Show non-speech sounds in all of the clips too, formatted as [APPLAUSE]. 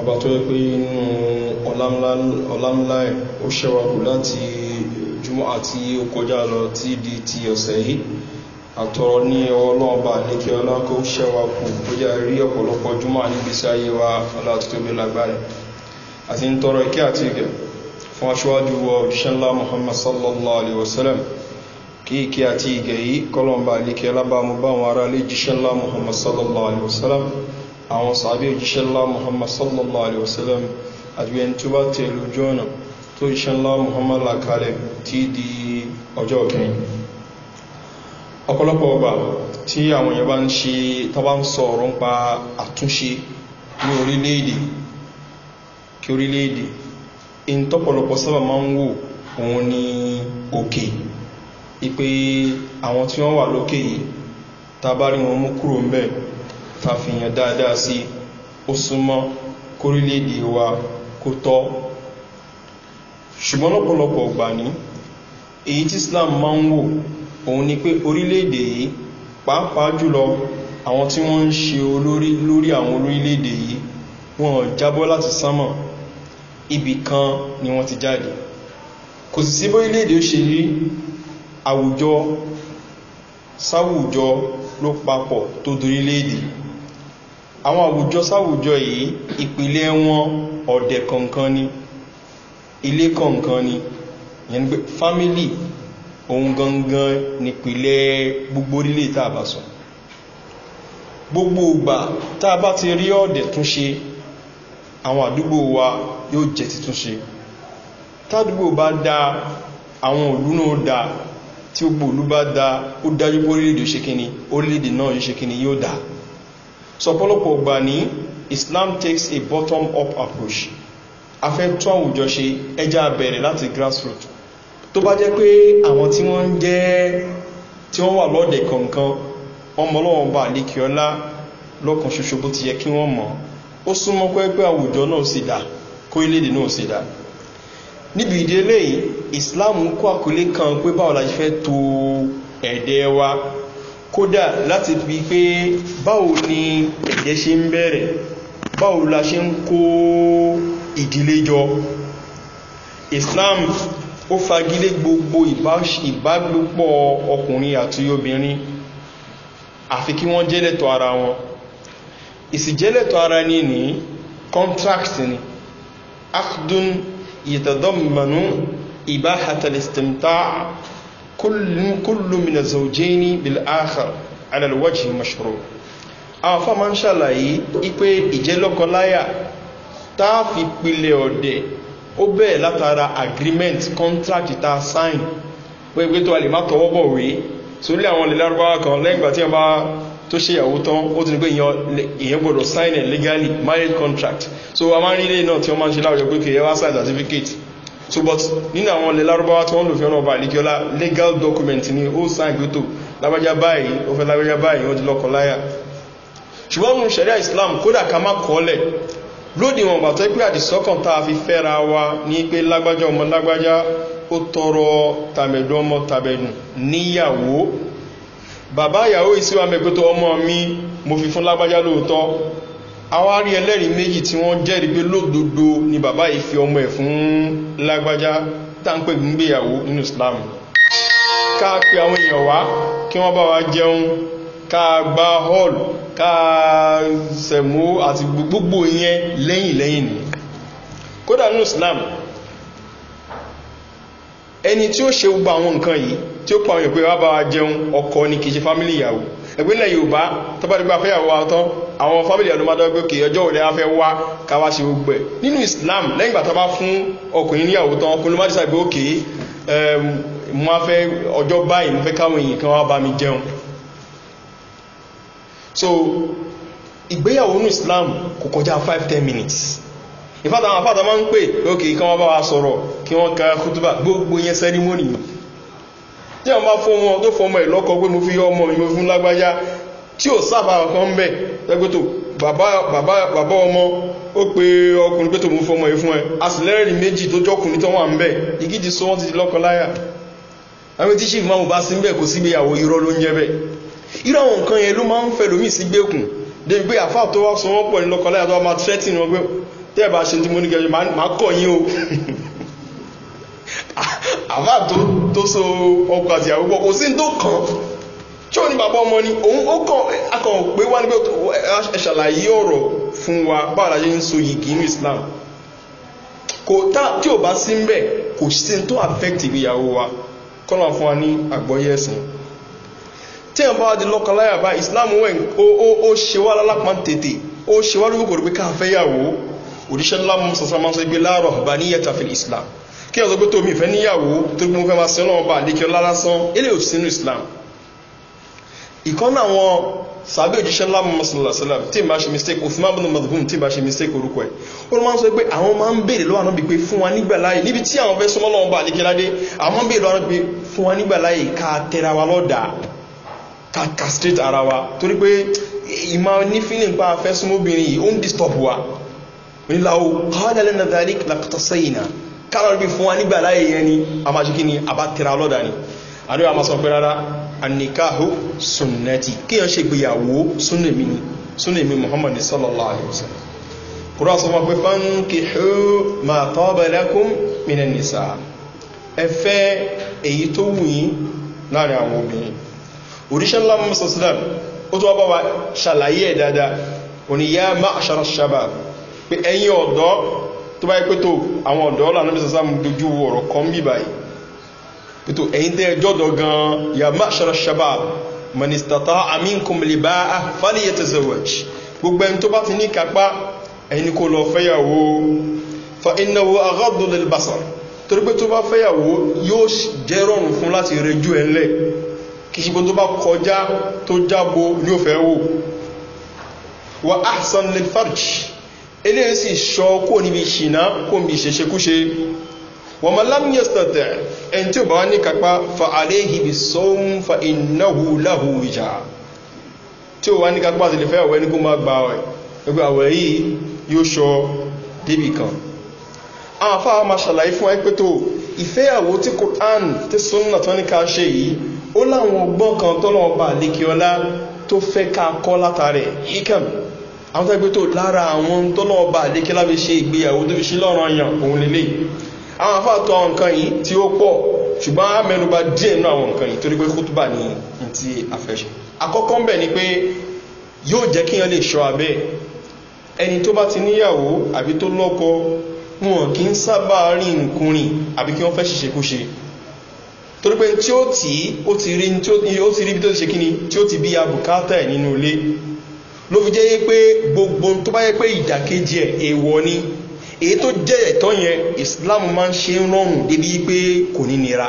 ọba tó yẹ pé inú ọlámlá ẹ̀ ó ṣẹ́wàkù láti jùmọ́ àti ó kọjá lọ tí di ti ọ̀sẹ̀ yìí àtọ̀rọ̀ ní ọlọ́ọ̀bà ní kí ọlá kó ṣẹ́wàkù ó jẹ́ rí ọ̀pọ̀lọpọ̀ jùmọ́ níbi sí ayé wa aláàtútóbi lágbára muhammad sallallahu alaihi wasallam kí ìkẹ́ àti ìgẹ̀ yìí kọlọ̀mbà ní kí ọlá bá muhammad sallallahu alaihi wasallam àwọn sàbí òjíṣẹ́ ńlá muhammad sallallahu alaihi wasallam àti ẹni tó bá tẹ̀lé ojú ọ̀nà tó jíṣẹ́ ńlá muhammad lakalẹ̀ tí di ọjọ́ kẹyìn ọ̀pọ̀lọpọ̀ ọba tí àwọn èèyàn bá ń ṣe tọ́bá ń sọ ọ̀rọ̀ ń pa àtúnṣe ní orílẹ̀-èdè kí orílẹ̀-èdè in tọ́pọ̀lọpọ̀ sábà máa ń wò òun ní òkè ìpé àwọn tí wọ́n wà lókè yìí tàbárí wọn mú kúrò ń bẹ́ẹ̀ tàfihàn dáadáa sí ó súnmọ́ kórílẹ̀-èdè wa kó tọ́ ṣùgbọ́n lọ́pọ̀lọpọ̀ ọgbà ní èyí tí islam máa ń wò òun ni pé orílẹ̀-èdè yìí pàápàá jùlọ àwọn tí wọ́n ń ṣe olórí lórí àwọn orílẹ̀-èdè yìí wọ́n jábọ́ láti sánmọ̀ ibì kan ni wọ́n ti jáde kò sì sí bórílẹ̀-èdè ó ṣe rí àwùjọ sáwùjọ ló papọ̀ tó dorílẹ̀-èdè yìí àwọn àwùjọ sáwùjọ yìí ìpìlẹ̀ wọn ọ̀dẹ̀ kọ̀ọ̀kan ni ilé kọ̀ọ̀kan ni yẹn pé fámílì ohun gangan nípìlẹ̀ gbogbo orílẹ̀ tá a bá sọ gbogbo ìgbà tá a bá ti rí ọ̀dẹ̀ túnṣe àwọn àdúgbò wa yóò jẹ́ títúnṣe tádúgbò bá dá àwọn òlú náà dá tí gbogbo òlú bá dá ó dájú pé orílẹ̀-èdè ṣe kíni orílẹ̀-èdè náà ṣe kíni yóò dáa sọpọ́lọpọ̀ gbà ní islam takes a bottom up approach afẹ́ tó àwùjọ ṣe ẹja bẹ̀rẹ̀ láti grassroots tó bá jẹ́ pé àwọn tí wọ́n ń jẹ́ tí wọ́n wà lọ́ọ̀dẹ̀ kọ̀ọ̀kan ọmọ ọlọ́wọ́n bá àlékiọ́lá lọ́kàn ṣoṣo bó ti yẹ kí wọ́n mọ̀ ó súnmọ́ pẹ́pẹ́ àwùjọ náà sì dà kó iléèdè náà sì dà níbi ìdílé yìí islam kó àkọlé kan pé báwo la fẹ́ to ẹ̀dẹ́ wa kódà láti fi pé báwo ni ẹ̀jẹ́ ṣe ń bẹ̀rẹ̀ báwo la ṣe ń kó ìdílé jọ islam ó fagilé gbogbo ìbágbépọ̀ ọkùnrin àti obìnrin àfi kí wọ́n jẹ́lẹ̀tọ̀ ara wọn ìsìjẹ́lẹ̀tọ̀ ara ní ní contract ni akdun ìtàdọ́mọ̀nú ìbáhàtàlẹ̀stẹ̀mtà kúlù mìnà zaujeni bil'akhar alalwaji mashro àwọn fama ń ṣàlàyé ipé ìjẹ́lọ́kọláyà táàfi pilẹ̀ ọ̀dẹ̀ ó bẹ̀ẹ̀ látara agreement contract ta sign pé pé tó a lè má tọwọ́ bọ̀ wé sórí àwọn ilẹ̀ lárúbáwá kan lẹ́gbà tí wọ́n bá tó ṣe ìyàwó tán ó ti ní pé èèyàn gbọ́dọ̀ sign it legally marriage contract so a máa ń rí ilé náà tí wọ́n máa ń ṣe sign certificate so but nínú àwọn ilẹ̀ lárúbáwá tí wọ́n lò fi ọ̀nà ọba àlíkíọ́lá legal document ni ó sáà gbé tó lábájá báyìí ó fẹ́ lábájá báyìí wọ́n ti lọ́kọ̀ láyà ṣùgbọ́n mú ṣẹ̀ríà islam kódà ká má kọ́ọ̀lẹ̀ lódì wọn bàtọ́ pé àdìsọ́kàn tá a fi fẹ́ra wa ní pé lágbájá ọmọ lágbájá ó tọrọ tàbẹ̀dù ọmọ tàbẹ̀dù níyàwó bàbá ìyàwó ìsíwámẹ́gbẹ́tọ̀ ọmọ mi mo fi fún lágbájá lóòótọ́ àwárí ẹlẹ́rìí méjì tí wọ́n jẹ́rìí pé lódodo ni bàbá yìí fi ọmọ ẹ̀ fún lágbájá táǹpẹ̀ gbígbéyàwó nínú islam ká pe àwọn èèyàn wá kí wọ́n bá wa jẹun ká gba hall ká sẹ̀mú àti gbogbo yẹn lẹ́yìn lẹ́yìn ni kódà nínú islam ẹni tí ó ṣe gbogbo àwọn nǹkan yìí tí ó pa àwọn èèyàn pé wá bá wa jẹun ọkọ ni kì í ṣe fámílì ìyàwó ẹgbẹ́ ilẹ̀ yorùbá tọ́bá àwọn fámìlì ẹnumọ́dọ́ gbé kè ọjọ́ òní afẹ́ wá káwá ṣe gbogbo nínú islam lẹ́yìn gbàtà bá fún ọkùnrin ní àwòtán ọkùnrin má dìsàgbé òkè mo fẹ́ ọjọ́ báyìí mo fẹ́ káwọn èèyàn kan wá bá mi jẹun so ìgbéyàwó ní islam kò kọjá 5-10 minutes ìfàtà àwọn afáàtà máa ń pè òkè kan wá bá wa sọ̀rọ̀ kí wọ́n ka kútúbà gbogbo yẹn sẹ́rímónì tí wọ́n bá fún ọmọ tó fọmọ ẹ̀ lọ́kọ̀ pé mo fi ọmọ mi mo fún lágbájá tí ò sábà kan bẹ̀ tẹ́gbẹ́tò bàbá ọmọ ó pe ọkùnrin pé tó mú fọmọ yìí fún ẹ àsìlẹ́rìn méjì tó jọkùnrin tó wà ń bẹ̀ ìgídì sọ wọ́n ti di lọ́kọ láyà àwọn tí chief máa bá sí ń bẹ̀ kò sígbéyàwó irọ́ ló ń yẹ bẹ́ẹ̀ irú àwọn nǹkan yẹn ló máa ń fẹ́ lómi sí gbẹ́kùn pé àfáà tó wá sọ wọ́n pọ̀ ní lọ́kọ tó wá máa threatening wọn pé tẹ́ ẹ̀ bá ṣe tí mo ní kẹjọ máa kọ̀ yín o [LAUGHS] àfáà tó so ọkọ̀ àtìyàwó pọ̀ kò sí ní tó kàn tí ò ní bàbá ọmọ ni òun ó kàn akàn pé wá nígbà ẹ̀ṣàlàyé ọ̀rọ̀ fún wa báwo la ṣe ń so yìgì inú islam kò tá tí ò bá sí ń bẹ̀ kò sí tó affect ìgbéyàwó wa kọ́nà fún wa ní àgbọ́yé ẹ̀sìn tí ẹ̀ bá wá di lọ́kàn láyà bá islam wẹ̀ ó ṣe wá lálápá tètè ó ṣe wá lórí kòrò pé ká fẹ́ yàwó òdíṣẹ́ ńlá mú sọ̀sọ́ máa ń sọ pé láàrọ̀ bá ní yẹta fi islam kí ẹ̀ sọ pé tó mi ìfẹ́ níyàwó tó gbé mo fẹ́ máa sẹ́nà ọba àdékẹ́ lálásán ilé òsínú islam ìkan náà wọn sàbẹ̀ òjíṣẹ́ ńlá mọ́sálásálà tí ìbá ṣe mistake òfin máa bọ́ tí ìbá ṣe mistake orúkọ ẹ̀ ó ló máa ń sọ pé àwọn máa ń béèrè lọ́wọ́ àná pé fún wa nígbà láàyè níbi tí àwọn fẹ́ sọmọ́ lọ́wọ́ bá àdékẹ́ládé àwọn máa ń béèrè lọ́wọ́ pé fún wa nígbà láàyè ká tẹra wa lọ́dà ká castrate ara wa torí pé ìmọ̀ ní feeling pa afẹ́ súnmọ́ obìnrin yìí ó ń disturb wa níláwó kọ́ọ̀dẹ́lẹ́ na dalik lakọ́tọ́sẹ́yìnà káwọn bí fún wa nígbà láàyè yẹn ni anikahu sunnati kíyàn ṣe gbéyàwó súnnèmí ni súnnèmí muhammadu sallallahu alaihi wasallam kúrò sọ wọn pé fankihu ma tọ́bẹ̀lẹ́kún minan nisa ẹfẹ́ èyí tó wùyí láàrin àwọn obìnrin oríṣẹ́ ńlá mọ́ sọ́sílẹ̀m ó tó wá ṣàlàyé ẹ̀ òní yá má àṣàrà pé ẹ̀yìn ọ̀dọ́ tó bá yẹ pé tó àwọn ọ̀dọ́ lànà bí dojú wọ̀rọ̀ kan bí pẹ̀tọ́ ẹ̀yìn tẹ́ jọ́dọ̀ gan ya mashara shabab manistata aminkum liba faliyata zawaj gbogbo ẹni tó bá ti ní kápá ẹ̀yìn kò lọ fẹ́yàwó fa ináwó agádùn lè basar torí pé tó bá fẹ́yàwó yóò jẹ́ rọrùn fún láti rejú ẹ̀ lẹ̀ kì tó bá kọjá tó jábo ní òfẹ́ wò wa ahsan lè farj eléyìí sì ṣọ́ kó níbi ṣìnà kó níbi ìṣẹ̀ṣẹ̀kúṣe wọ́n mọ̀ lámì yẹ́sítọ̀tẹ̀ ẹni tí ó bá ní kápá fa àléhì bí sọ́hún fa ìnáhù láhù ìjà tí ó wá ní kápá àti lè fẹ́ àwọ̀ ẹni kó máa gba ẹ̀ gbogbo àwọ̀ yìí yóò sọ débì kan àwọn afáwọn máa ṣàlàyé fún ẹ pé tó ìfẹ́ àwọ̀ tí quran tí sunna tó ní ká ṣe yìí ó láwọn ọgbọ́n kan tọ́lọ́wọ́n bá lékeọlá tó fẹ́ ká kọ́ látàrí hikam àwọn tó tó lára àwọn tọ́lọ́wọ́n bá lékeọlá fi ṣe ìgbéyàwó tó fi ṣe lọ́rọ̀ yàn òun lélẹ́yìí àwọn afá tọ nǹkan yìí tí ó pọ̀ ṣùgbọ́n a mẹ́nuba díẹ̀ nínú àwọn nǹkan yìí torí pé kútùbà ní ti àfẹ́ṣe àkọ́kọ́ ń bẹ̀ ni pé yóò jẹ́ kíyàn lè ṣọ́ abẹ́ ẹni tó bá ti níyàwó àbí tó lọ́kọ wọn kì ń sábà rí nǹkan rìn àbí kí wọ́n fẹ́ ṣiṣẹ́ kó torí pé tí ó tí ó ti rí ibi tó ti ṣe kíni tí ó ti bí abùkátà ẹ̀ nínú ilé ló fi jẹ́ pé gbogbo tó bá yẹ pé ìdàkejì ẹ̀ èèwọ̀ ni èyí tó jẹ́ ẹ̀tọ́ yẹn islam máa ń ṣe rọrùn débi pé kò ní nira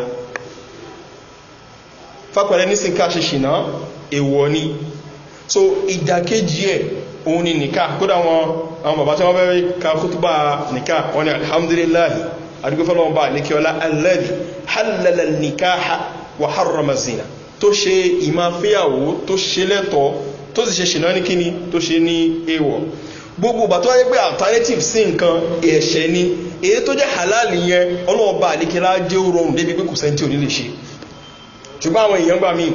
fápẹ̀rẹ̀ ní sínká ṣe ṣìná èwọ̀ ni so ìdàkejì ẹ̀ òun ni nìká kódà wọn àwọn bàbá tí wọ́n fẹ́ ka kútùbà nìká wọn ni alhamdulilahi adúgbòfẹ́lọ́wọ́n bá nìkíọ́lá alẹ́bí halala nìká wà harramazina tó ṣe ìmáfíyàwó tó ṣe lẹ́tọ̀ tó sì ṣe ṣìná ní kíni tó ṣe ní èwọ̀ gbogbo ìgbà tó wáyé pé alternative sí nǹkan ẹ̀ṣẹ̀ ni èyí tó jẹ́ halal yẹn ọlọ́ọ̀bá àlékẹ́lá jẹ́ ó rọrùn débi pé kò sẹ́ntì ò ní lè ṣe ṣùgbọ́n àwọn èèyàn gbà mí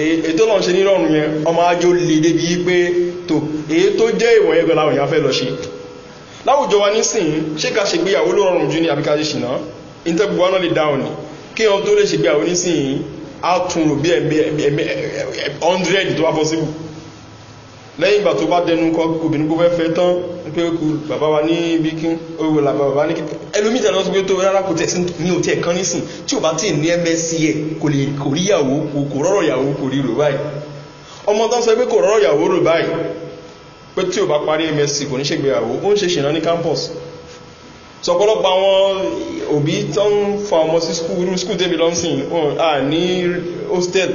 èyí tó lọ́n ṣe ní rọrùn yẹn ọmọ ajó lè débi pé tó èyí tó jẹ́ ìwọ̀n yẹn gbọ́dọ̀ àwọn èèyàn fẹ́ lọ ṣe láwùjọ wa nísìnyí ṣé ká ṣègbéyàwó ló rọrùn jù ní àbíká ṣe ṣìnà ìtẹ́gbùgbà náà lè dáhùn ni kí wọn tó lè ṣègbéyàwó nísìnyí á tún rò bí ẹ̀mí 100 tó wá possible lẹ́yìn ìgbà tó bá dẹnu kọ obìnrin kó fẹ́ fẹ́ tán pé kú bàbá wa ní ibi kí oòrùn làbà bàbá ní ẹlòmí ìtàn lọ́sọ́ pé tó rárá kò tẹ̀sí ní òtí ẹ̀kan nísìn tí ò bá tí ní msc ẹ̀ kò lè kò rí yàwó kò rọ́rọ̀ yàwó kò rí rò báyìí ọmọ tán sọ pé kò rọ́rọ̀ yàwó rò báyìí pé tí ò bá parí msc kò ní ṣègbéyàwó ó ń campus sọpọlọpọ àwọn òbí tó ń fa ọmọ sí skúlù skúlù débi lọ́nsìn ní hostel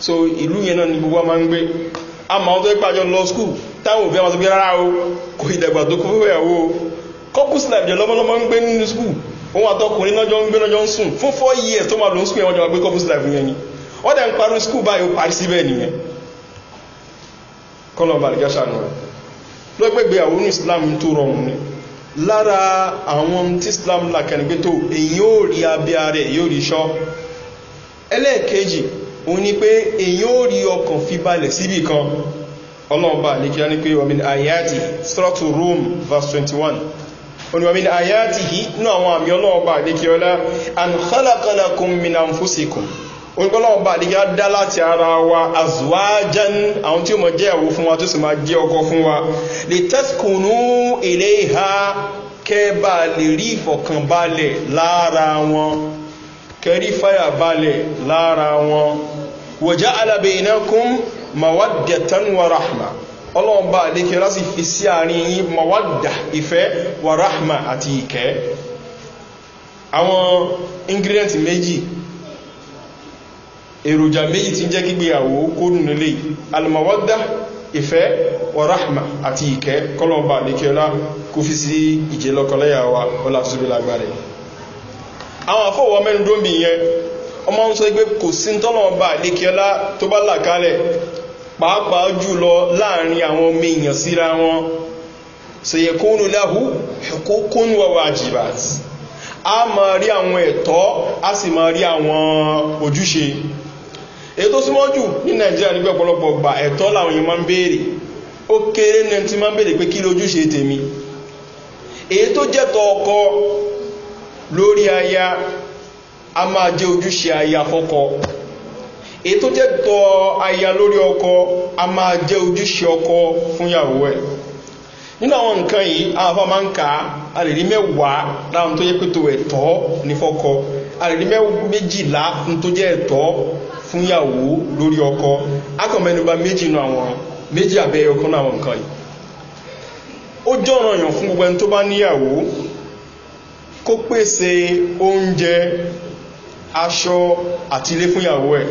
so ìlú yẹn náà ni gbogbo wa máa ń gbé àmọ́ àwọn tó ń pàjọ lọ skul táwọn òbí àwọn sọ pé rárá o kò ìdàgbà tó kún fún ìyàwó o couples life jẹ lọ́mọlọ́mọ ń gbé nínú skul òun àtọkùnrin náà jọ ń gbé náà ń sùn fún four years tó máa lò ń skul yẹn wọ́n jọ gbé couples life yẹn ni wọ́n dẹ̀ ń parí skul báyìí ó parí síbẹ̀ nìyẹn kọ́nà balùwẹ̀ ṣàánú rẹ̀ lọ́gbẹ̀gbẹ̀ àwọn oní islam tó rọrùn ni lára òun ni pé èyí ó rí ọkàn fi balẹ̀ síbì kan ọlọ́ọ̀bá lè kí á ní pé wàmín àyájì strọ́tù rome verse 21 oníwàmín àyájì yìí ní àwọn àmì ọlọ́ọ̀bá lè kí ọlá and kọ́lákọ́lákún min àǹfúsìkùn olùkọ́lọ́ọ̀bá lè kí á dá láti ara wa azuwajan àwọn tí ó mọ̀ jẹ́ ẹ̀wò fún wa tó sì máa jẹ́ ọkọ̀ fún wa lè tẹ́sìkùnú ilé ìhá kẹ́ bá lè rí ìfọ̀kànbalẹ̀ lára wọn kẹrí fàyà balẹ̀ lára wọn wọ̀já alábẹ̀ inákún mawaddatan wa rahma ọlọ́run bá àdékẹ́ láti fi sí àárín yí mawadda ìfẹ́ wa rahma àti ìkẹ́ àwọn ingredient méjì èròjà méjì tí ń jẹ́ gbígbéyàwó kó nù nílé almawadda ìfẹ́ wa rahma àti ìkẹ́ kọlọ̀ọ̀bà àdékẹ́ ọlá kó fi sí ìjẹ́lọ́kọlẹ́yà wa lágbàrẹ̀ àwọn àfọwọ́ mẹ́rin dóńbì yẹn ọmọ ń sọ pé kò sí tọ́lọ́wọ́ bá àlékiọlá tó bá là kalẹ̀ pàápàá jùlọ láàrin àwọn ọmọ èèyàn síra wọn sèyẹ̀kónú láhú ẹ̀kókónú wàwà àjìbàt a ma rí àwọn ẹ̀tọ́ a sì ma rí àwọn ojúṣe èyí tó súnmọ́ jù ní nàìjíríà nígbà ọ̀pọ̀lọpọ̀ gbà ẹ̀tọ́ làwọn èèyàn máa ń béèrè ó kéré ní máa ń béèrè pé kí lójúṣe tèmi èyí tó jẹ́tọ̀ ọkọ lórí aya a máa jẹ́ ojúṣe aya fọ́kọ èyí tó jẹ́ tọ́ aya lórí ọkọ a máa jẹ́ ojúṣe ọkọ fúnyàwó ẹ̀ nínú àwọn nǹkan yìí àwọn afá máa ń kà á a lè rí mẹ́wàá láwọn tó yẹ pé tó ẹ̀tọ́ ní fọ́kọ a lè rí méjìlá tó jẹ́ ẹ̀tọ́ fúnyàwó lórí ọkọ akọ̀mẹ́nuba méjì nù àwọn méjì àbẹ́yẹ ọkọ náà nǹkan yìí ó jọ̀ràn yàn fún gbogbo ẹni tó bá níyàwó kó pèsè oúnjẹ aṣọ àti ilé fúnyàwó ẹ̀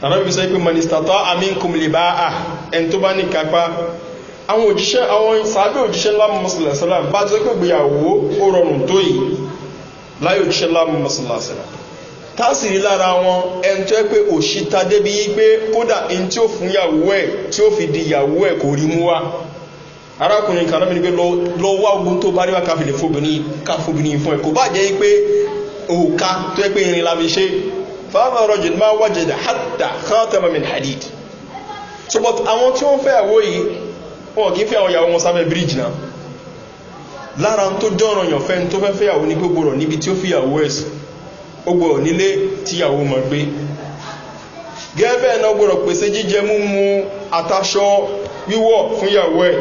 tàbí sọ pé mọ̀nìsítàtọ́ àmínkùnlé bá à ẹni tó bá ní kápá àwọn òjíṣẹ́ àwọn sàábẹ̀ òjíṣẹ́ lámọ́sílẹ̀sílẹ̀ bá ti pé gbìyàwó ó rọrùn tó yìí láyé òjíṣẹ́ lámọ́sílẹ̀sílẹ̀ tásìrí lára wọn ẹni tó pé òṣìta débi pé kódà ẹni tí ó fún yàwó ẹ̀ tí ó fi di yàwó ẹ̀ kò rí mú wá arákùnrin kan lọ́mí ní pé lọ wá ogun tó bá ríwá káfí lè fóbìnrin fún ẹ̀ kò bá jẹ́ pé òòka tó ẹ́ pé irin láfi ṣe fáwọn ọ̀rọ̀ jù máa wájẹ̀ dà hátà kátàmà min hadid so but àwọn tí wọ́n fẹ́ àwọ̀ yìí wọn kì í fẹ́ àwọn ìyàwó wọn sábẹ́ bíríjì náà lára tó jọ́ràn yàn fẹ́ tó fẹ́ fẹ́ àwọ̀ náà gbọ́rọ̀ pèsè jíjẹ múmu àtaṣọ wíwọ̀ fún ìyàwó ẹ̀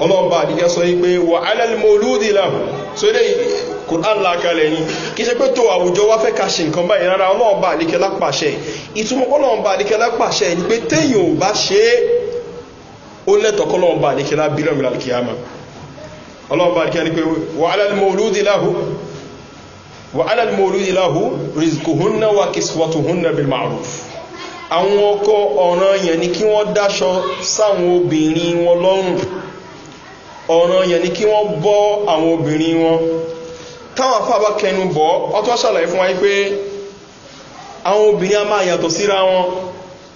ọlọ́ọ̀bá àdíjá sọ wípé wà alẹ́lẹ́mọ̀lúdì láàbù so ilé kùrán lákalẹ̀ ní kí ṣe pé tó àwùjọ wá fẹ́ ká ṣe nǹkan báyìí rárá ọlọ́ọ̀bá àdíkẹ́ lápàṣẹ ìtumọ̀ ọlọ́ọ̀bá àdíkẹ́ lápàṣẹ ni pé téèyàn ò bá ṣe é ó lẹ́tọ̀ kọ́lọ́ọ̀bá àdíkẹ́ lábílọ̀ mi lálùkì àmà ọlọ́ọ̀bá àdíkẹ́ ni àwọn ọkọ̀ ọ̀ràn yẹn ni kí wọ́n dáṣọ sáwọn obìnrin wọn lọ́rùn ọ̀ràn yẹn ni kí wọ́n bọ́ àwọn obìnrin wọn táwọn afábá kẹnu bọ́ ọtọ́ sàlàyé fún wa pé àwọn obìnrin a máa yàtọ̀ síra wọn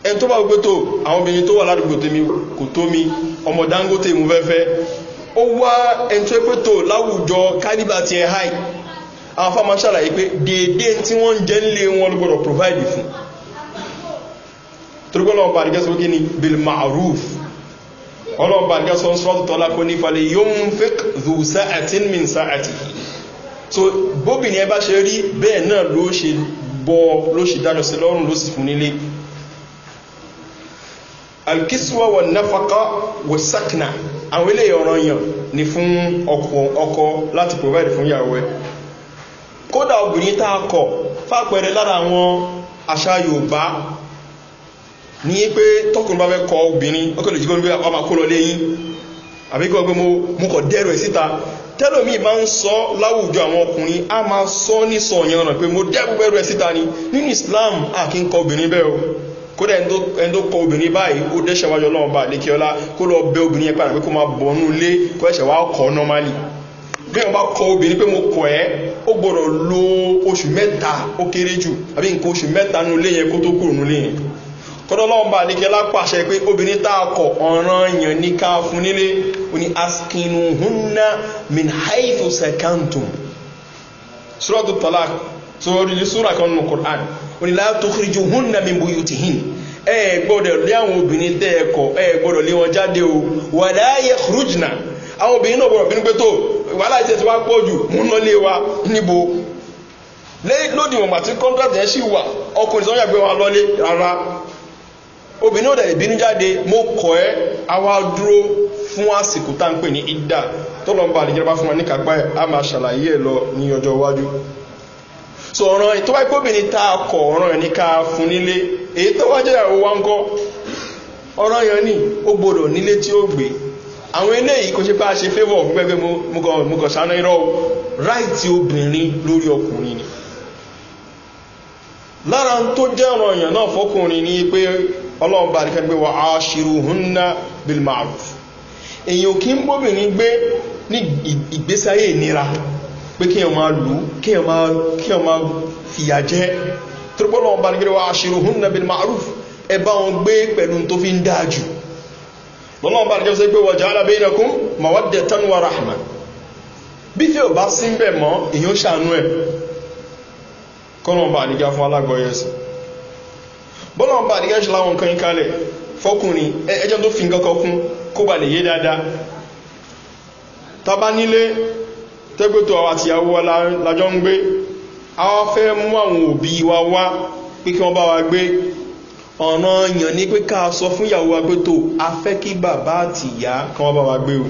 ẹni tó bá gbé tó àwọn obìnrin tó wà ládùúgbò tèmi kò tó mi ọmọ dangote mú fẹ́fẹ́ ó wá ẹni tó pé tó láwùjọ kálíbà ti ẹ̀ háì àwọn afábá sàlàyé pé déédéé tí wọ́n ń jẹ́ nílé wọn gbọ́dọ̀ provide fún torí gbọ́dọ̀ pàdé gẹ́sọ́ kí ni bill maruf ọlọ́ọ̀bá àjọsọ sọ́ọ̀tù tọ́lá kó nífàlẹ̀ yóò ń fẹ́ dù sáàtì mi sáàtì so bóbìnrin ẹ bá ṣe rí bẹ́ẹ̀ náà ló ṣe bọ́ ló ṣe dájọ́ sí lọ́rùn ló sì fún nílé alkiswa wa nafaka wa sakna àwọn ilé ọ̀ràn yàn ni fún ọkọ láti provide fún yàwó ẹ kódà obìnrin tá a kọ fápẹrẹ lára àwọn àṣà yorùbá ní pé tọkùnrin bá fẹ́ kọ obìnrin ó kẹ́lẹ̀ jígbọ́n pé ọmọ kó lọ léyìn àbí kọ́ pé mo kọ̀ dẹ́rù ẹ̀ síta tẹ́lọ̀mí máa ń sọ láwùjọ àwọn ọkùnrin a máa sọ ní sọ yẹn ọ̀nà pé mo dẹ́rù bẹ́rù ẹ̀ síta ni nínú islam a kì ń kọ obìnrin bẹ́ẹ̀ o kódà ẹni tó kọ obìnrin báyìí ó dẹ́ṣẹ̀ wájú ọlọ́run bá lékè ọlá kó lọ bẹ obìnrin yẹn padà pé kó máa bọ̀ nú ilé kó ẹ̀ṣẹ̀ wá kọ́ normally bí wọn bá kọ obìnrin pé mo kọ ẹ ó gbọdọ̀ lo oṣù mẹ́ta ó kéré jù àbí nǹkan oṣù mẹ́ta nú ilé yẹn kó tó kúrò nú ilé yẹn kọ́dọ̀lọ́ọ̀bà ní kẹlá pàṣẹ pé obìnrin tàà kọ̀ ọ̀ràn yàn ní ká fún nílé oní askinuhunna min haifu kan hunna min buyu ti ẹ gbọ́dọ̀ lé àwọn obìnrin tẹ́ ẹ kọ̀ ẹ gbọ́dọ̀ lé wọn jáde o wà láyé àwọn obìnrin náà gbọ́dọ̀ bínú pé tó wàhálà ìṣẹ́ ti wá pọ̀ jù lé lódì wọn obìnrin ó dẹ̀ ìbínú jáde mo kọ̀ ẹ́ awa dúró fún àsìkò tá ń pè ní ìdá tó lọ ń ba àdìjọba fún wọn ní kápá ẹ̀ a so ètò wáyé kóbìnrin tá a kọ̀ ọ̀ràn ẹ̀ ní ká fún nílé èyí tó wájú ìyàwó wa ń ti ọ̀ràn yẹn ni ó gbọdọ̀ nílé tí a ṣe favour fún pẹ́pẹ́ mo kàn irọ́ ráìtì obìnrin lórí ọkùnrin ni lára tó jẹ́ ọ̀ràn yẹn náà ọlọ́run bá nìkan gbé wa aṣírù húnná bil ma'ruf èyàn kí ń bóbìnrin gbé ní ìgbésí ayé ìnira pé kí ẹ máa lù kí ẹ máa fìyà jẹ́ torípọ́lọ́run bá nìkan wa aṣírù húnná bil ma'ruf ẹ bá wọn gbé pẹ̀lú tó fi ń dáa jù lọ́lọ́run bá nìkan fún alágbọ́yẹsìn bọ́lá ọba àdígá ṣe láwọn nǹkan ìkalẹ̀ fọ́kùnrin ẹjọ́ tó fi nǹkan kan fún kó bà lè yé dáadáa tàbá nílé tẹ́gbẹ́tò àwọn àtìyàwó wa lájọ́ ń gbé àwọn fẹ́ mú àwọn òbí wa wá pé kí wọ́n bá wa gbé ọ̀nà yàn ní pé ká sọ fún ìyàwó wa pé tó a fẹ́ kí bàbá àti ìyá kan wọ́n bá wa gbé o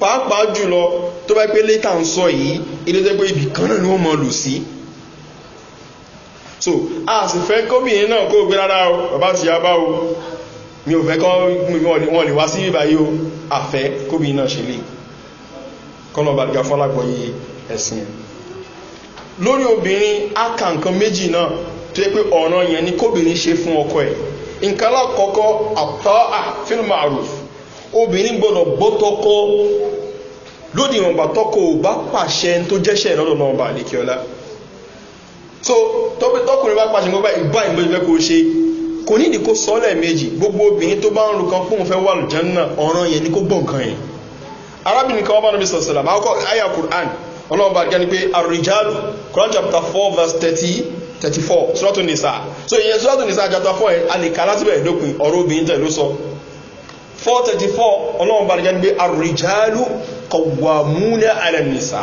pàápàá jùlọ tó bá pé létà ń sọ yìí ilé tẹ́gbẹ́ ibì kan náà ni wọ́n mọ lù sí so a sì fẹ́ gómìnà náà kó gbé rárá o bàbá ti yá bá o mi ò fẹ́ kọ́ wọn lè wá sí ìbáyé o àfẹ́ gómìnà náà ṣe lè kọ́nà bàdìgà fún alágbọ̀nyí ẹ̀sìn ẹ̀ lórí obìnrin a kà nǹkan méjì náà tó yẹ pé ọ̀ràn yẹn ni kóbìnrin ṣe fún ọkọ ẹ̀ nǹkan lákọ̀ọ́kọ́ àtọ́ àfihàn àrùf obìnrin gbọ́dọ̀ gbọ́ tọ́kọ́ lódì ìwọ̀nba tọ́kọ́ ò bá pàṣẹ tó jẹ́ṣẹ́ lọ́dọ̀ náà bà lẹ́kẹ́ọ́lá so tọkùnrin bá pàṣẹ gbogbo ìbá ìbọn ìfẹ́ kò ṣe kò ní ìdíkò sọ́ọ̀lẹ̀ méjì gbogbo obìnrin tó bá ń ro kan fóun fẹ́ wà lùjẹ́ náà ọ̀ràn yẹn ni kó gbọ́ nǹkan yẹn arábìnrin kan wọ́n bá níbi sọ̀sọ̀lá máa kọ́ àyà quran ọlọ́run bá gẹ́ni pé àrùjálù quran chapter four verse thirty thirty four sọ́tún nìsa so ìyẹn sọ́tún nìsa chapter four yẹn a lè kà láti bẹ̀rẹ̀ dópin ọ̀rọ̀ obìnrin tẹ̀ ló sọ four thirty four ọlọ́run bá gẹ́ni pé àrùjálù kọ̀wàmúnà àlẹ́ nìsa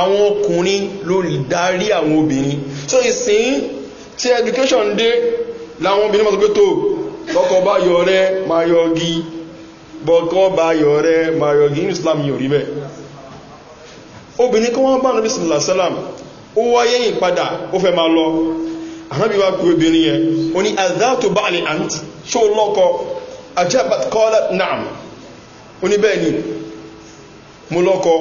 àwọn ọkùnrin ló lè darí àwọn obìnrin so ìsìn tí education dé láwọn obìnrin mọ̀ pé tó bọ́kọ bá yọ rẹ ma yọ gi bọ́kọ bá yọ rẹ ma yọ gi ní islam yóò rí bẹ́ẹ̀ obìnrin kí wọ́n bá nàbí sàlá sálàm ó wáyé yìí padà ó fẹ́ máa lọ àhábí wá pé obìnrin yẹn ó ní àdáàtò bá àlè àǹtí ṣó lọ́kọ àjẹ́ kọ́lá náà ó ní bẹ́ẹ̀ ni mo lọ́kọ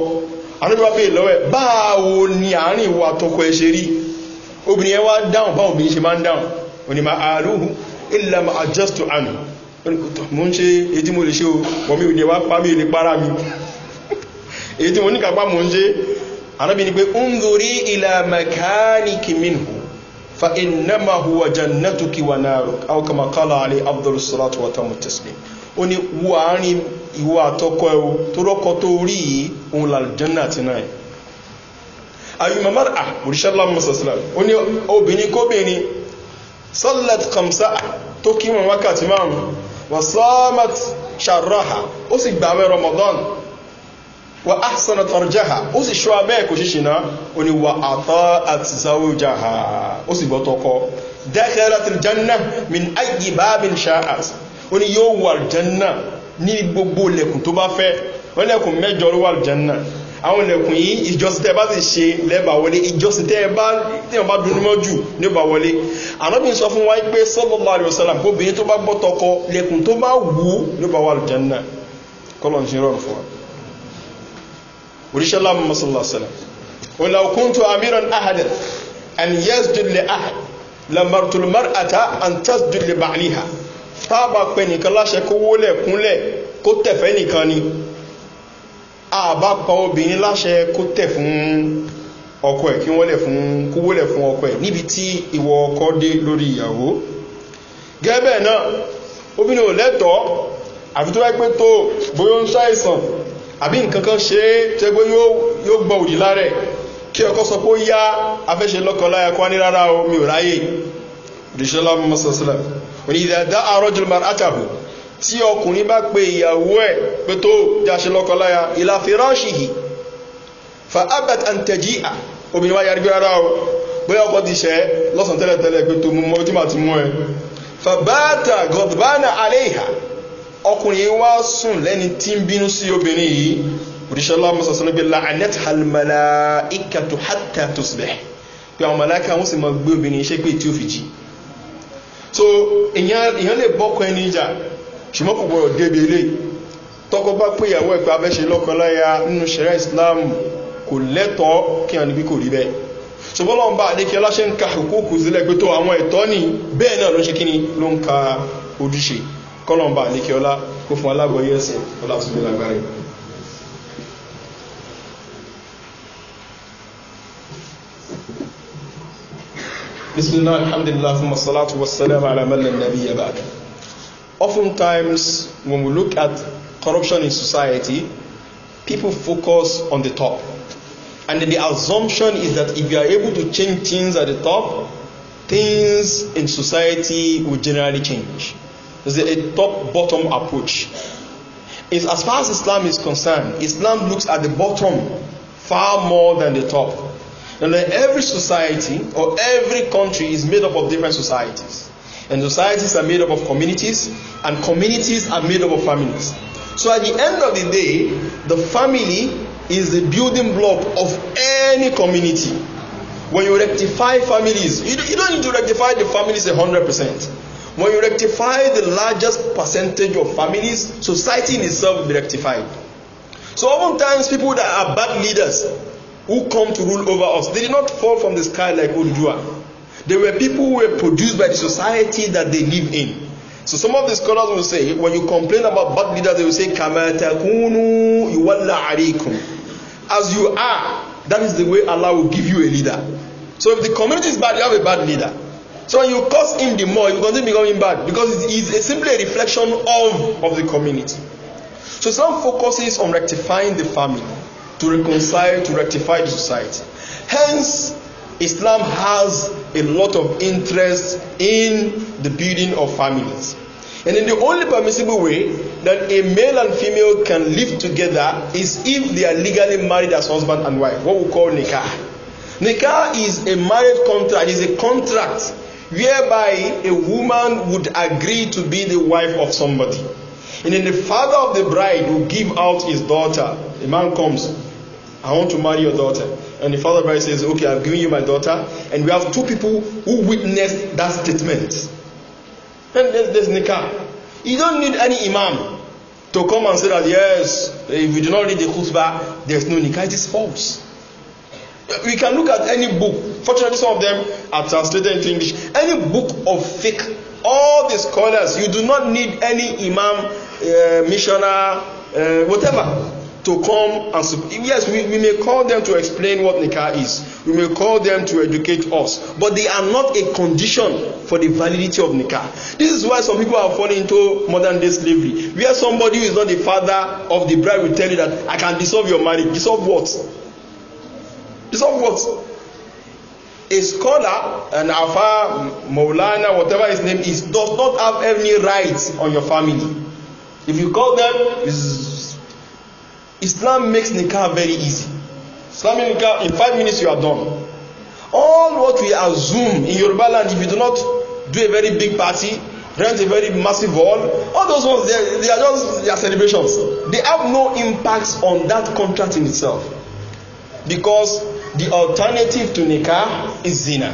àdúgbò bèèrè lọ́wẹ́ báwo ni àárín ìwà tọkọ ẹ ṣe rí obìnrin ẹ wá dáhùn báwọn obìnrin ṣe máa ń dáhùn òní ma àlóhùn ilẹ̀ ma adjust to àmì mo ń ṣe èyí tí mo lè ṣe o wọ́n mi ò ní wá pa mi ní para mi [LAUGHS] èyí tí mo ní kápá mo ń ṣe arábìnrin pé ń dorí ilẹ̀ mẹkáníkì mìíràn fa iná ma huwa jannatu kiwa náà àwọn kàmàkàlà alẹ́ abdul salatu wa tamu taslim ó ní wo àárín ìwọ àtọkọ ẹwọ tó rọ́kọ tó rí yìí òun làlùjánà àti náà ayu mamar ah òrìṣàlá mọ́sàsílá ó ní obìnrin kóbìnrin sọ́lẹ̀t kàmsá tó kí wọn wákàtí márùn wà sọ́mọ̀t ṣàrọ́hà ó sì gbàwẹ́ ramadan wà áṣánà tọrọjáhà ó sì ṣọ́ abẹ́ kò ṣíṣì náà ó ní wà àtọ́ àti sáwójáhà ó sì gbọ́ dẹ́kẹ́rẹ́ tìrìjánná min ayi bá bin ṣáàt ó ní yóò wà jẹ́nà ní gbogbo lẹ̀kùn tó bá fẹ́ wọ́n lẹ̀kùn mẹ́jọ ló wà jẹ́nà àwọn lẹ̀kùn yìí ìjọsìn tẹ́ bá sì ṣe lẹ́bàá wọlé ìjọsìn tẹ́ bá tẹ́yàn bá dunú mọ́ jù ní bá wọlé ànábì sọ fún wa pé sọ́lọ́lá àrẹ ọ̀sálàm obìnrin tó bá gbọ́ tọkọ lẹ́kùn táàbà pẹ nìkan láṣẹ kó wólẹ̀ kúnlẹ̀ kó tẹ̀fẹ́ nìkan ni àbá pa obìnrin láṣẹ kó tẹ̀ fún ọkọ ẹ̀ kí wọ́n lẹ̀ fún kó wólẹ̀ fún ọkọ ẹ̀ níbi tí ìwọ ọkọ dé lórí ìyàwó gẹ́bẹ̀ náà obìnrin ò lẹ́tọ̀ọ́ àfi tó wáyé pé tó bóyá ń ṣàìsàn àbí nǹkan kan ṣe é tẹ́ pé yóò gbọ́ òdì lárẹ̀ kí ọkọ̀ sọ pé ó yá afẹ́ṣe lọ́kọ̀ọ́láyà kwá ní rárá o ò ráyè òdìṣẹ́lá mọ́sọ̀sílẹ̀ ìdàdá àrọ́jùlmọ̀ àtàbù tí ọkùnrin bá pe ìyàwó ẹ̀ pé tó jáṣe lọ́kọláya ìlàfíráṣìhì fa abat antaji a obìnrin wáyé arígbé ara o bóyá ọkọ̀ ti ṣẹ́ lọ́sàn tẹ́lẹ̀tẹ́lẹ̀ pé tó mú mọ́ ojúmọ̀ àti mọ́ ẹ fa báàtà gọdbánà aléìhà ọkùnrin wá sùn lẹ́ni tí ń bínú sí obìnrin yìí òdíṣẹ́ so èèyàn lè bọ́kọ ẹni ìjà ṣùgbọ́n kò gbọ́dọ̀ débi eléyìí tọ́kọ bá pé ìyàwó ẹ̀ abẹ́ṣe lọ́kàn láyà nínú ṣẹ̀rẹ́ islam kò lẹ́tọ̀ọ́ kí hàn níbi kò rí bẹ́ẹ̀ ṣùgbọ́n lọ́n bá adékẹ́ ọláṣẹ́ ń ka òkúkú sílẹ̀ pé tó àwọn ẹ̀tọ́ ni bẹ́ẹ̀ náà ló ṣe kí ni ló ń ka ojúṣe kọ́lọ́n adékẹ́ ọlá kó fún alágbọ̀yé ẹ̀sìn ọlá tó Bismillah, alhamdulillah, thumma salatu wassalamu ala man la nabiyya ba'd. Oftentimes, when we look at corruption in society, people focus on the top. And the assumption is that if you are able to change things at the top, things in society will generally change. There's a top bottom approach. It's, as far as Islam is concerned, Islam looks at the bottom far more than the top. And then every society or every country is made up of different societies. And societies are made up of communities, and communities are made up of families. So at the end of the day, the family is the building block of any community. When you rectify families, you don't need to rectify the families 100%. When you rectify the largest percentage of families, society in itself will be rectified. So oftentimes people that are bad leaders, who come to rule over us. They did not fall from the sky like Odudua. They were people who were produced by the society that they live in. So some of the scholars will say, when you complain about bad leaders, they will say, Kama takunu yuwalla arikum. As you are, that is the way Allah will give you a leader. So if the community is bad, you have a bad leader. So when you curse him the more, he will continue becoming bad because it is simply a reflection of, of the community. So Islam focuses on rectifying the family to reconcile, to rectify the society. Hence, Islam has a lot of interest in the building of families. And in the only permissible way that a male and female can live together is if they are legally married as husband and wife, what we call nikah. Nikah is a marriage contract, is a contract whereby a woman would agree to be the wife of somebody. And then the father of the bride will give out his daughter. A man comes, I want to marry your daughter. And the father bride says, Okay, I've given you my daughter. And we have two people who witnessed that statement. And there's, there's nikah. You don't need any imam to come and say that, yes, if you do not read the khutbah, there's no nikah. It is false. We can look at any book. Fortunately, some of them are translated into English. Any book of fiqh, all the scholars, you do not need any imam, uh, missioner, uh, whatever to come and Yes, we, we may call them to explain what Nikah is. We may call them to educate us. But they are not a condition for the validity of Nikah. This is why some people are falling into modern day slavery. Where somebody who is not the father of the bride will tell you that, I can dissolve your marriage. Dissolve what? Dissolve what? A scholar, an Afa, Maulana, whatever his name is, does not have any rights on your family. If you call them, Islam makes nikah very easy. Islamic nikah, in five minutes you are done. All what we assume in Yoruba land, if you do not do a very big party, rent a very massive hall, all those ones, they, they are just their celebrations. They have no impact on that contract in itself. Because the alternative to nikah is zina.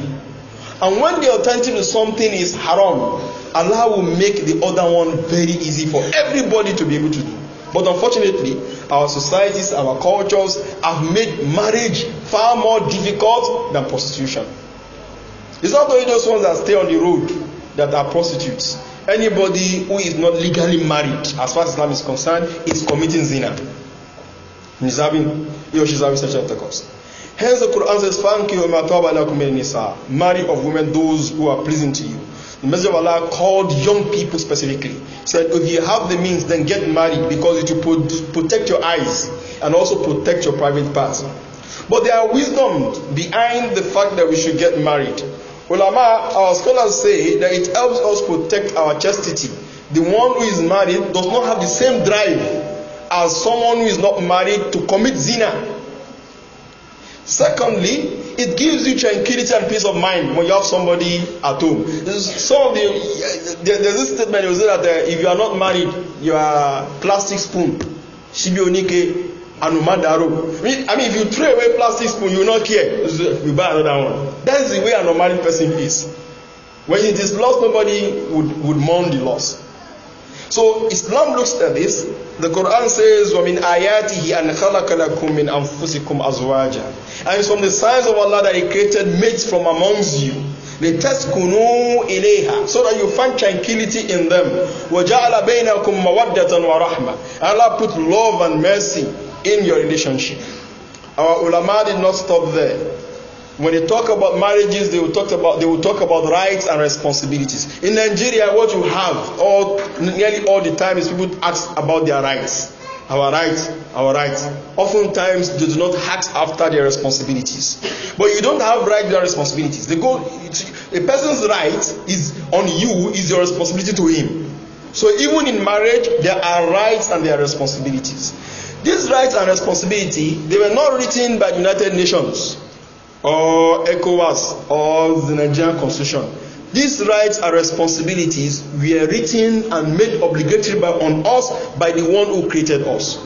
And when the alternative to something is haram, Allah will make the other one very easy for everybody to be able to do. But unfortunately, our societies, our cultures have made marriage far more difficult than prostitution. It's not only those ones that stay on the road that are prostitutes. Anybody who is not legally married, as far as Islam is concerned, is committing zina. he's having, he or she's having sexual intercourse. Hence, the Quran says, Marry of women those who are pleasing to you. The Messenger of Allah called young people specifically, said, if you have the means, then get married because it will protect your eyes and also protect your private parts. But there are wisdoms behind the fact that we should get married. Ulama, our scholars say that it helps us protect our chastity. The one who is married does not have the same drive as someone who is not married to commit zina Secondly, it gives you tranquility and peace of mind when you have somebody at home. Some of the, there's this statement you say that uh, if you are not married, you are plastic spoon. Shibionike onike anomadaro. I mean, if you throw away plastic spoon, you will not care. You buy another one. That is the way an unmarried person is. When it is lost, nobody would, would mourn the loss. So Islam looks at this. The Quran says, وَمِنْ آيَاتِهِ أَنْ خَلَقَ لَكُم مِنْ أَنفُسِكُم أَزْوَاجًا And it's from the signs of Allah that He created mates from amongst you. لِتَسْكُنُوا إِلَيْهَا So that you find tranquility in them. وَجَعَلَ بَيْنَكُم مَوَدَّةً وَرَحْمَةً Allah put love and mercy in your relationship. Our ulama did not stop there. When they talk about marriages, they will talk about they will talk about rights and responsibilities. In Nigeria, what you have all nearly all the time is people ask about their rights. Our rights, our rights. Oftentimes they do not ask after their responsibilities. But you don't have rights and responsibilities. They go a person's right is on you, is your responsibility to him. So even in marriage, there are rights and there are responsibilities. These rights and responsibility, they were not written by the United Nations or ECOWAS or the Nigerian constitution. These rights and responsibilities were written and made obligatory by, on us by the one who created us.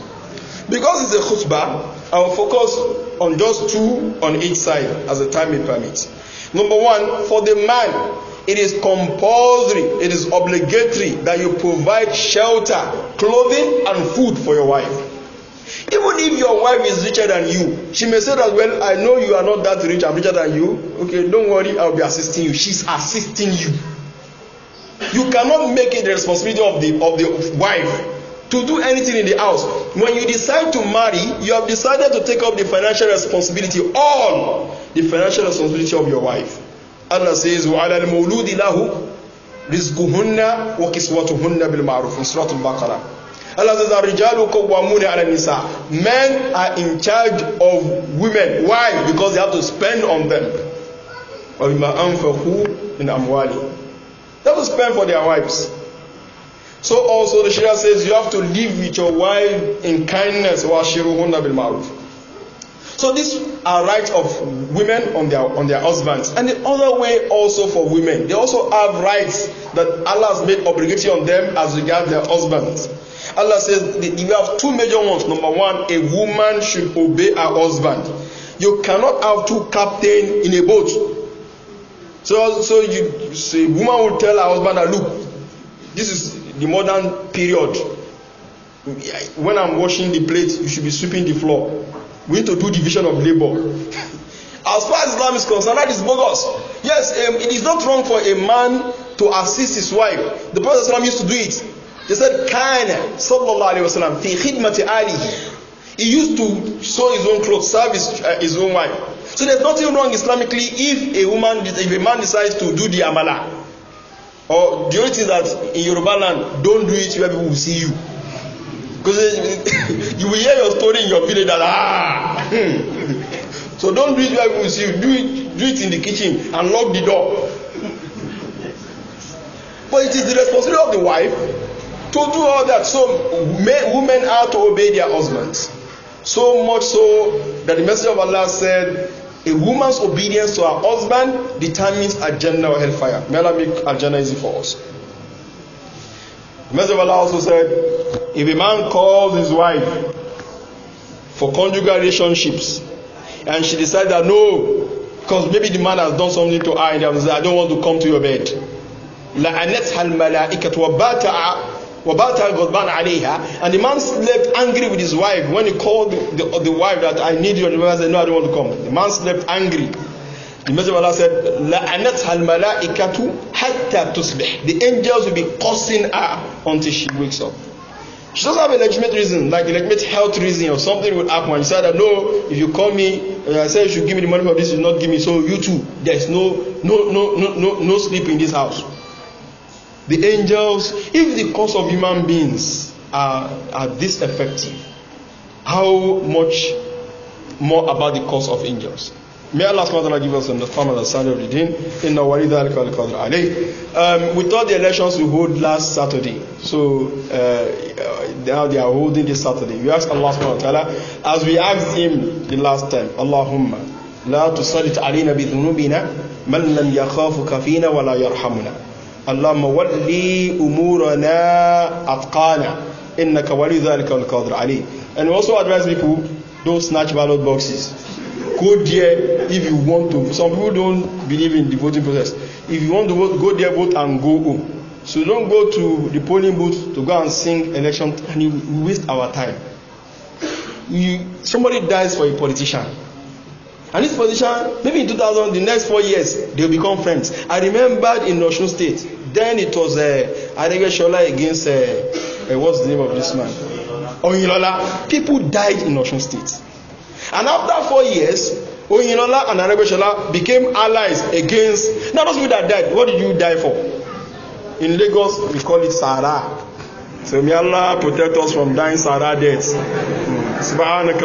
Because it's a khutbah, I will focus on just two on each side as the time may permit. Number one, for the man, it is compulsory, it is obligatory that you provide shelter, clothing, and food for your wife. Even if your wife is richer than you, she may say that, Well, I know you are not that rich, I'm richer than you. Okay, don't worry, I will be assisting you. She's assisting you. You cannot make it the responsibility of the, of the wife to do anything in the house. When you decide to marry, you have decided to take up the financial responsibility, all the financial responsibility of your wife. Allah says, Wa وَعَلَى الْمَوْلُودِ لَهُ رِزْقُهُنَّ وَكِسْوَتُهُنَّ بِالْمَعْرُوفِ Surah Al-Baqarah Allah says Rijalu Kowamuni Alanisa. Men are in charge of women. Why? Because they have to spend on them. in amwali. They have to spend for their wives. So also the Sharia says you have to live with your wife in kindness. Washiruhunna bil ma'ruf. So these are rights of women on their on their husbands. And the other way also for women, they also have rights that Allah has made obligatory on them as regards their husbands. Allah says you have two major ones. Number one, a woman should obey her husband. You cannot have two captains in a boat. So, so you so a woman will tell her husband that look, this is the modern period. When I'm washing the plate, you should be sweeping the floor. We need to do division of labor. [LAUGHS] as far as Islam is concerned, that is bogus. Yes, um, it is not wrong for a man to assist his wife. The Prophet used to do it. They said, Kana sallallahu alayhi wasallam fi khidmati Ali. He used to sew his own clothes, serve his, uh, his own wife. So there's nothing wrong Islamically if a woman, if a man decides to do the amala. Or the only thing that in Yoruba land, don't do it where people will see you. Because [COUGHS] you will hear your story in your village that, ah, hmm. So don't do it where people will see you. Do it, do it in the kitchen and lock the door. But it is the responsibility of the wife to do all that so men, women are to obey their husbands so much so that the messenger of allah said a woman's obedience to her husband determines aljanna or hellfire may allah make her gender easy for us the messenger of allah also said if a man calls his wife for conjugal relationships and she decides that no because maybe the man has done something to her and they have said i don't want to come to your bed لعنتها الملائكة وباتع Wabata Godban Aleha, and the man slept angry with his wife. When he called the, the, wife that I need you, the man said, No, I don't want to come. The man slept angry. The Messenger of Allah said, لَأَنَتْهَا الْمَلَائِكَةُ حَتَّى تُصْبِحْ The angels will be cursing her until she wakes up. She doesn't have a legitimate reason, like a legitimate health reason or something will happen. She said no, if you call me, uh, I said you should give me the money for this, you not give me. So you too, there's no no no no no no sleep in this house the angels if the cause of human beings are are this effective how much more about the cause of angels may allah subhanahu give us understanding of the standard of the deen in our wali dhalik al qadr alayh um, we thought the elections we hold last saturday so uh, uh, now they are holding this saturday we ask allah subhanahu wa ta'ala as we asked him the last time allahumma la tusallit alina bi dhunubina man lam yakhafuka fina wa la yarhamuna اللهم ولي أمورنا أتقانا إنك ولي ذلك والقادر علي. and we also advise people don't snatch ballot boxes go there if you want to some people don't believe in the voting process if you want to vote go there vote and go home so don't go to the polling booth to go and sing election and you waste our time you somebody dies for a politician and this position maybe in 2000 the next four years they will become friends i remembered in osun state then it was uh, adegesola against uh, uh, what's the name of this man oyinlola people died in osun state and after four years oyinlola and adegesola became allies against now those people that died what did you die for in lagos we call it sahara so may allah protect us from dying sahara deaths. Hmm.